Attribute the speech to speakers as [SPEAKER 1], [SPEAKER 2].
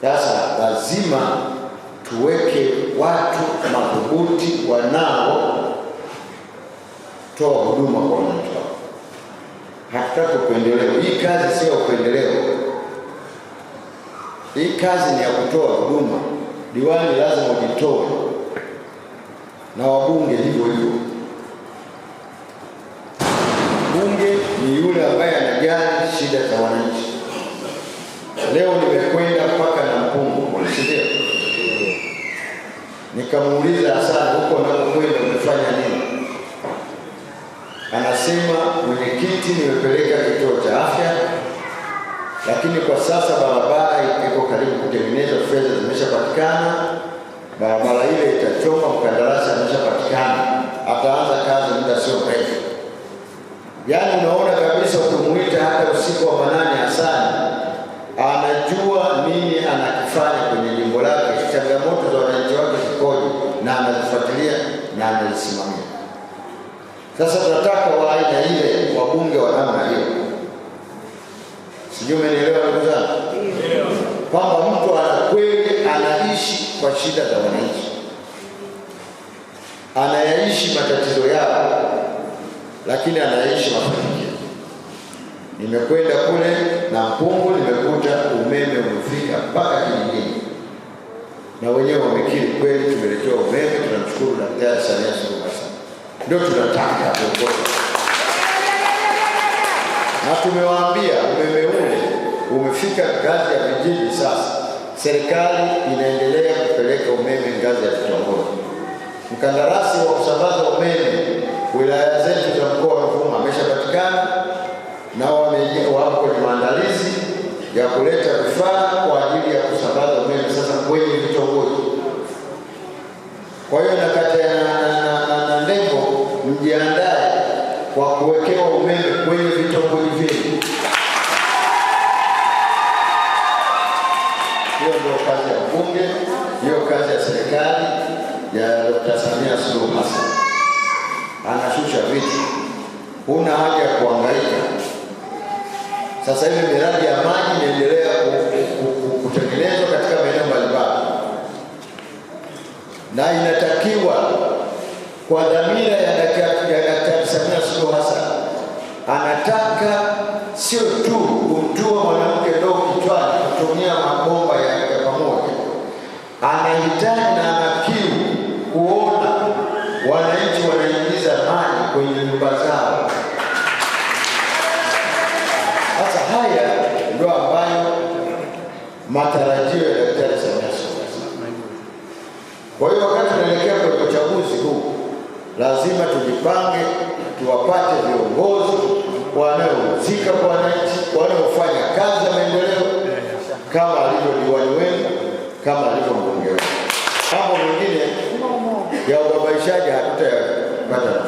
[SPEAKER 1] Sasa lazima tuweke watu madhubuti wanaotoa huduma kwa wananchi wao. Hatutaki upendeleo. Hii kazi sio upendeleo, hii kazi ni ya kutoa huduma. Diwani lazima ujitoe na wabunge hivyo hivyo. Bunge ni yule ambaye anajali shida za wananchi. Leo nimekuwa Nikamuuliza, Hasani, huko unakokwenda umefanya nini? Anasema, mwenyekiti, nimepeleka kituo cha afya, lakini kwa sasa barabara iko karibu kutengenezwa, fedha zimeshapatikana, barabara ile itachoma, mkandarasi ameshapatikana, ataanza kazi muda sio mrefu. Yaani unaona kabisa, ukimuita hata usiku wa manane analifuatilia na analisimamia. Sasa tunataka wa aina ile wabunge wa namna hiyo, sijui umenielewa ndugu zangu, kwamba mtu anakweli anaishi kwa shida za wananchi, anayaishi matatizo yao, lakini anayaishi mafanikio. Nimekwenda kule na Mpungu, nimekuta umeme na wenyewe wamekiri kweli, tumeletewa umeme, tunamshukuru Daktari Samia Suluhu Hassan. Ndio tunataka viongozi, na tumewaambia umeme ule umefika ngazi ya vijiji. Sasa serikali inaendelea kupeleka umeme ngazi ya vitongoji. Mkandarasi wa kusambaza umeme wilaya zetu za mkoa wa Ruvuma ameshapatikana na wako kwenye maandalizi ya kuleta vifaa kwa ajili ya kusambaza umeme sasa kwenye vitongoji. Kwa hiyo nakata na ndengo mjiandae kwa kuwekewa umeme kwenye vitongoji vyenu. Hiyo ndio kazi ya mbunge, hiyo kazi ya serikali ya Dkt. Samia Suluhu Hassan, anashusha vitu, huna haja ya kuangaika sasa hivi miradi ya maji inaendelea kutekelezwa katika maeneo mbalimbali, na inatakiwa kwa dhamira ya Daktari Samia Suluhu Hassan, anataka sio tu kumtua mwanamke ndoo kichwani kutumia mabomba ya pamoja, anahitaji matarajio ya Daktari Samia Suluhu Hassan. Kwa hiyo wakati tunaelekea kwenye uchaguzi huu, lazima tujipange, tuwapate viongozi wanaohusika kwa wananchi, wanaofanya kazi ya maendeleo, kama alivyo diwani wenu, kama alivyo mbunge wenu. Mambo mengine ya ubabaishaji hatutayapata.